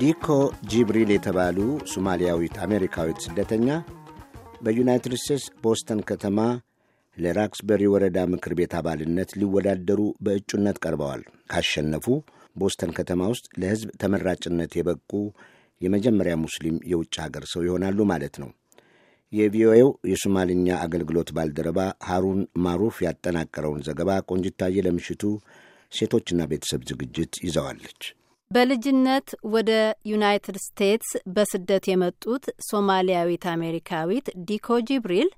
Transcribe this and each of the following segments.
ዲኮ ጂብሪል የተባሉ ሶማሊያዊት አሜሪካዊት ስደተኛ በዩናይትድ ስቴትስ ቦስተን ከተማ ለራክስበሪ ወረዳ ምክር ቤት አባልነት ሊወዳደሩ በእጩነት ቀርበዋል። ካሸነፉ ቦስተን ከተማ ውስጥ ለሕዝብ ተመራጭነት የበቁ የመጀመሪያ ሙስሊም የውጭ ሀገር ሰው ይሆናሉ ማለት ነው። የቪኦኤው የሶማልኛ አገልግሎት ባልደረባ ሃሩን ማሩፍ ያጠናቀረውን ዘገባ ቆንጅታዬ ለምሽቱ ሴቶችና ቤተሰብ ዝግጅት ይዘዋለች። በልጅነት ወደ ዩናይትድ ስቴትስ በስደት የመጡት ሶማሊያዊት አሜሪካዊት ዲኮ ጂብሪል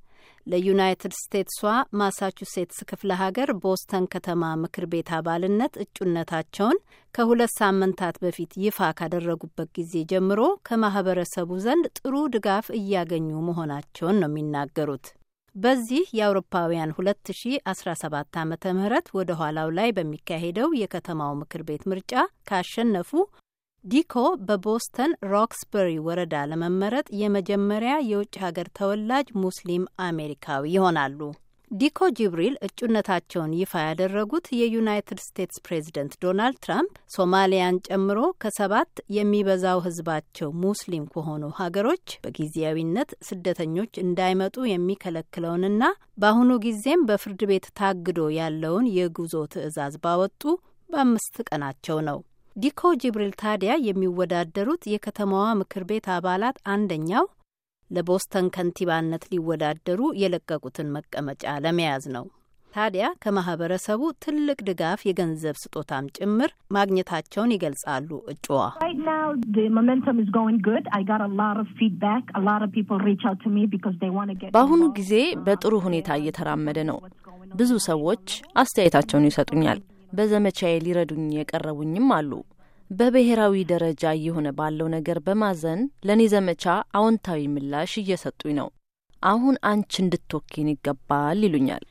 ለዩናይትድ ስቴትሷ ማሳቹሴትስ ክፍለ ሀገር ቦስተን ከተማ ምክር ቤት አባልነት እጩነታቸውን ከሁለት ሳምንታት በፊት ይፋ ካደረጉበት ጊዜ ጀምሮ ከማህበረሰቡ ዘንድ ጥሩ ድጋፍ እያገኙ መሆናቸውን ነው የሚናገሩት። በዚህ የአውሮፓውያን 2017 ዓ ም ወደ ኋላው ላይ በሚካሄደው የከተማው ምክር ቤት ምርጫ ካሸነፉ ዲኮ በቦስተን ሮክስበሪ ወረዳ ለመመረጥ የመጀመሪያ የውጭ ሀገር ተወላጅ ሙስሊም አሜሪካዊ ይሆናሉ። ዲኮ ጅብሪል እጩነታቸውን ይፋ ያደረጉት የዩናይትድ ስቴትስ ፕሬዝደንት ዶናልድ ትራምፕ ሶማሊያን ጨምሮ ከሰባት የሚበዛው ሕዝባቸው ሙስሊም ከሆኑ ሀገሮች በጊዜያዊነት ስደተኞች እንዳይመጡ የሚከለክለውንና በአሁኑ ጊዜም በፍርድ ቤት ታግዶ ያለውን የጉዞ ትዕዛዝ ባወጡ በአምስት ቀናቸው ነው። ዲኮ ጅብሪል ታዲያ የሚወዳደሩት የከተማዋ ምክር ቤት አባላት አንደኛው ለቦስተን ከንቲባነት ሊወዳደሩ የለቀቁትን መቀመጫ ለመያዝ ነው። ታዲያ ከማህበረሰቡ ትልቅ ድጋፍ የገንዘብ ስጦታም ጭምር ማግኘታቸውን ይገልጻሉ። እጩዋ በአሁኑ ጊዜ በጥሩ ሁኔታ እየተራመደ ነው። ብዙ ሰዎች አስተያየታቸውን ይሰጡኛል። በዘመቻዬ ሊረዱኝ የቀረቡኝም አሉ። በብሔራዊ ደረጃ እየሆነ ባለው ነገር በማዘን ለእኔ ዘመቻ አዎንታዊ ምላሽ እየሰጡኝ ነው። አሁን አንቺ እንድትወኪን ይገባል ይሉኛል።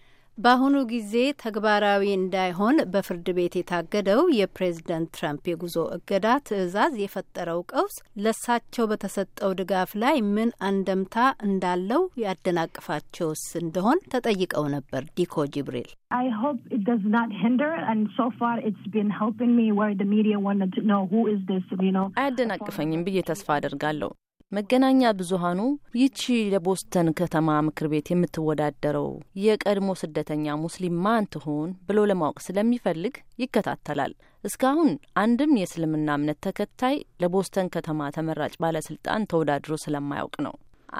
በአሁኑ ጊዜ ተግባራዊ እንዳይሆን በፍርድ ቤት የታገደው የፕሬዝደንት ትራምፕ የጉዞ እገዳ ትዕዛዝ የፈጠረው ቀውስ ለሳቸው በተሰጠው ድጋፍ ላይ ምን አንደምታ እንዳለው ያደናቅፋቸውስ እንደሆን ተጠይቀው ነበር ዲኮ ጅብሪል። አያደናቅፈኝም ብዬ ተስፋ አደርጋለሁ። መገናኛ ብዙሃኑ ይቺ ለቦስተን ከተማ ምክር ቤት የምትወዳደረው የቀድሞ ስደተኛ ሙስሊም ማን ትሆን ብሎ ለማወቅ ስለሚፈልግ ይከታተላል። እስካሁን አንድም የእስልምና እምነት ተከታይ ለቦስተን ከተማ ተመራጭ ባለስልጣን ተወዳድሮ ስለማያውቅ ነው።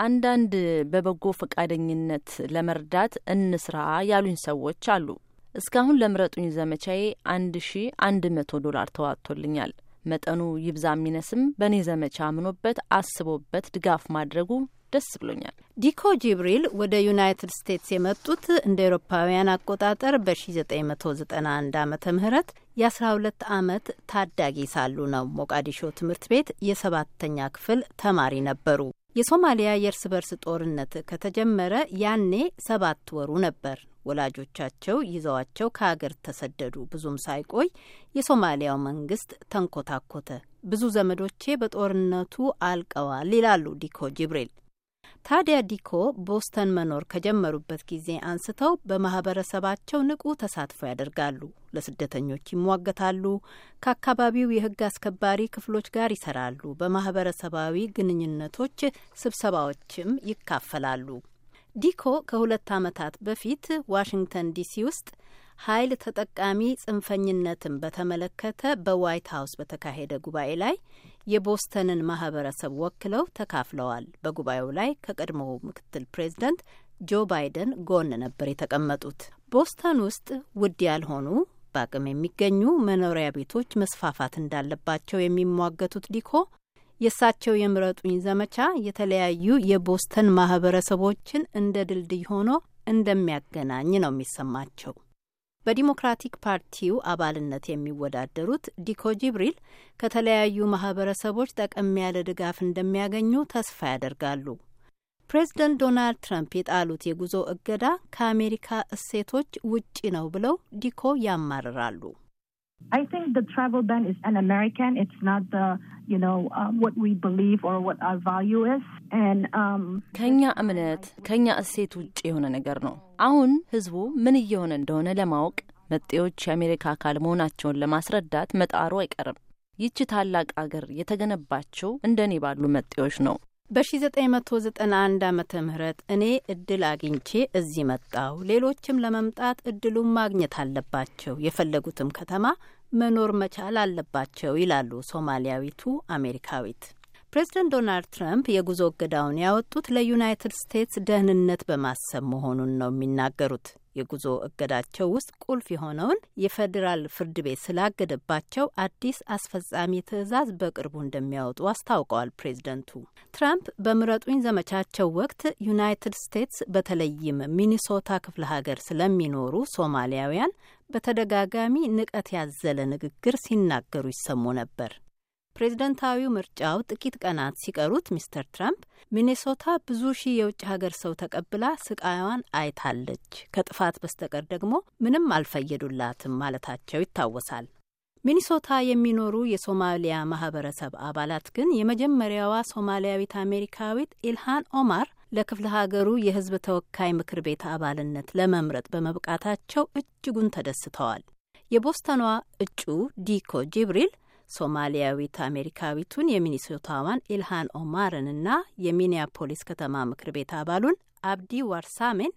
አንዳንድ በበጎ ፈቃደኝነት ለመርዳት እንስራ ያሉኝ ሰዎች አሉ። እስካሁን ለምረጡኝ ዘመቻዬ አንድ ሺ አንድ መቶ ዶላር ተዋጥቶልኛል። መጠኑ ይብዛ የሚነስም በእኔ ዘመቻ አምኖበት አስቦበት ድጋፍ ማድረጉ ደስ ብሎኛል። ዲኮ ጅብሪል ወደ ዩናይትድ ስቴትስ የመጡት እንደ ኤሮፓውያን አቆጣጠር በ1991 ዓ ም የ12 ዓመት ታዳጊ ሳሉ ነው። ሞቃዲሾ ትምህርት ቤት የሰባተኛ ክፍል ተማሪ ነበሩ። የሶማሊያ የእርስ በርስ ጦርነት ከተጀመረ ያኔ ሰባት ወሩ ነበር። ወላጆቻቸው ይዘዋቸው ከሀገር ተሰደዱ። ብዙም ሳይቆይ የሶማሊያው መንግስት ተንኮታኮተ። ብዙ ዘመዶቼ በጦርነቱ አልቀዋል ይላሉ ዲኮ ጅብሪል። ታዲያ ዲኮ ቦስተን መኖር ከጀመሩበት ጊዜ አንስተው በማህበረሰባቸው ንቁ ተሳትፎ ያደርጋሉ፣ ለስደተኞች ይሟገታሉ፣ ከአካባቢው የህግ አስከባሪ ክፍሎች ጋር ይሰራሉ፣ በማህበረሰባዊ ግንኙነቶች ስብሰባዎችም ይካፈላሉ። ዲኮ ከሁለት ዓመታት በፊት ዋሽንግተን ዲሲ ውስጥ ኃይል ተጠቃሚ ጽንፈኝነትን በተመለከተ በዋይት ሀውስ በተካሄደ ጉባኤ ላይ የቦስተንን ማህበረሰብ ወክለው ተካፍለዋል። በጉባኤው ላይ ከቀድሞው ምክትል ፕሬዝደንት ጆ ባይደን ጎን ነበር የተቀመጡት። ቦስተን ውስጥ ውድ ያልሆኑ በአቅም የሚገኙ መኖሪያ ቤቶች መስፋፋት እንዳለባቸው የሚሟገቱት ዲኮ የእሳቸው የምረጡኝ ዘመቻ የተለያዩ የቦስተን ማህበረሰቦችን እንደ ድልድይ ሆኖ እንደሚያገናኝ ነው የሚሰማቸው። በዲሞክራቲክ ፓርቲው አባልነት የሚወዳደሩት ዲኮ ጂብሪል ከተለያዩ ማህበረሰቦች ጠቀም ያለ ድጋፍ እንደሚያገኙ ተስፋ ያደርጋሉ። ፕሬዝደንት ዶናልድ ትራምፕ የጣሉት የጉዞ እገዳ ከአሜሪካ እሴቶች ውጪ ነው ብለው ዲኮ ያማርራሉ። I think the travel ban is an American. It's not the you know uh, what we believe or what our value is. Um, ከኛ እምነት ከኛ እሴት ውጭ የሆነ ነገር ነው። አሁን ህዝቡ ምን እየሆነ እንደሆነ ለማወቅ መጤዎች የአሜሪካ አካል መሆናቸውን ለማስረዳት መጣሩ አይቀርም። ይቺ ታላቅ አገር የተገነባቸው እንደ እኔ ባሉ መጤዎች ነው። በ1991 ዓመተ ምህረት እኔ እድል አግኝቼ እዚህ መጣው። ሌሎችም ለመምጣት እድሉን ማግኘት አለባቸው፣ የፈለጉትም ከተማ መኖር መቻል አለባቸው ይላሉ ሶማሊያዊቱ አሜሪካዊት። ፕሬዝደንት ዶናልድ ትራምፕ የጉዞ እገዳውን ያወጡት ለዩናይትድ ስቴትስ ደህንነት በማሰብ መሆኑን ነው የሚናገሩት። የጉዞ እገዳቸው ውስጥ ቁልፍ የሆነውን የፌዴራል ፍርድ ቤት ስላገደባቸው አዲስ አስፈጻሚ ትዕዛዝ በቅርቡ እንደሚያወጡ አስታውቀዋል። ፕሬዝደንቱ ትራምፕ በምረጡኝ ዘመቻቸው ወቅት ዩናይትድ ስቴትስ በተለይም ሚኒሶታ ክፍለ ሀገር ስለሚኖሩ ሶማሊያውያን በተደጋጋሚ ንቀት ያዘለ ንግግር ሲናገሩ ይሰሙ ነበር። ፕሬዝደንታዊው ምርጫው ጥቂት ቀናት ሲቀሩት ሚስተር ትራምፕ ሚኔሶታ ብዙ ሺህ የውጭ ሀገር ሰው ተቀብላ ስቃይዋን አይታለች፣ ከጥፋት በስተቀር ደግሞ ምንም አልፈየዱላትም ማለታቸው ይታወሳል። ሚኒሶታ የሚኖሩ የሶማሊያ ማህበረሰብ አባላት ግን የመጀመሪያዋ ሶማሊያዊት አሜሪካዊት ኢልሃን ኦማር ለክፍለ ሀገሩ የህዝብ ተወካይ ምክር ቤት አባልነት ለመምረጥ በመብቃታቸው እጅጉን ተደስተዋል። የቦስተኗ እጩ ዲኮ ጅብሪል ሶማሊያዊት አሜሪካዊቱን የሚኒሶታዋን ኢልሃን ኦማርንና የሚኒያፖሊስ ከተማ ምክር ቤት አባሉን አብዲ ዋርሳሜን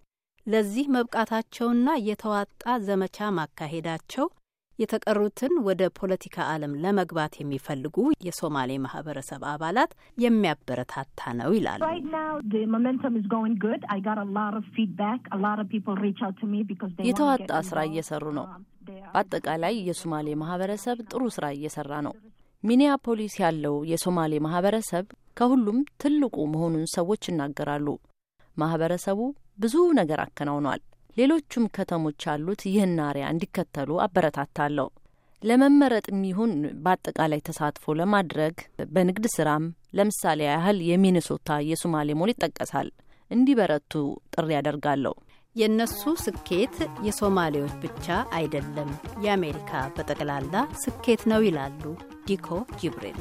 ለዚህ መብቃታቸውና የተዋጣ ዘመቻ ማካሄዳቸው የተቀሩትን ወደ ፖለቲካ ዓለም ለመግባት የሚፈልጉ የሶማሌ ማህበረሰብ አባላት የሚያበረታታ ነው ይላሉ። የተዋጣ ስራ እየሰሩ ነው። um, በአጠቃላይ የሶማሌ ማህበረሰብ ጥሩ ስራ እየሰራ ነው። ሚኒያፖሊስ ያለው የሶማሌ ማህበረሰብ ከሁሉም ትልቁ መሆኑን ሰዎች ይናገራሉ። ማህበረሰቡ ብዙ ነገር አከናውኗል። ሌሎቹም ከተሞች ያሉት ይህን አርያ እንዲከተሉ አበረታታለሁ። ለመመረጥ የሚሆን በአጠቃላይ ተሳትፎ ለማድረግ በንግድ ስራም ለምሳሌ ያህል የሚኒሶታ የሱማሌ ሞል ይጠቀሳል እንዲበረቱ ጥሪ ያደርጋለሁ። የእነሱ ስኬት የሶማሌዎች ብቻ አይደለም፣ የአሜሪካ በጠቅላላ ስኬት ነው ይላሉ ዲኮ ጅብሪል።